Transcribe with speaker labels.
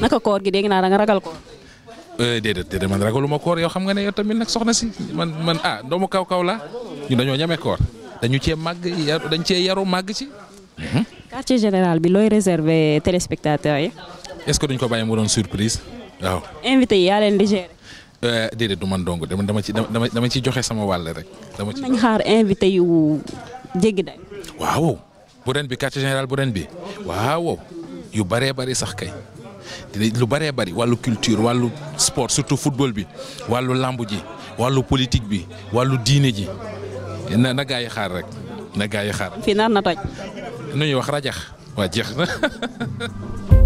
Speaker 1: naka koor gi dégg naa da nga ragal
Speaker 2: euh déedéet déedéet man ragaluma koor yow xam nga ne yow tamit nak soxna si man man ah doomu kaw kaw la ñu dañoo ñame koor dañu ci mag dañ ci yaru mag ci.
Speaker 3: quartier général bi loy réserver téléspectateurs yi.
Speaker 2: est-ce que duñ ko baye mu don surprise waaw.
Speaker 3: invité ya len di gérer.
Speaker 2: euh déedéet du man dong dama dama ci dama dama ci joxe sama wàll rek. dama ci
Speaker 4: nañ xaar invité yu djegi day.
Speaker 2: waaw bu ren bi quartier général bu ren bi waaw yu bare bare sax kay. dina lu bëree bëri wàllu culture wàllu sport surtout football bi wàllu làmb ji wàllu politik bi wàllu diine ji na na xaar rek na gaa yi xaar. fii nar na toj. nu ñuy wax rajax waa jeex na.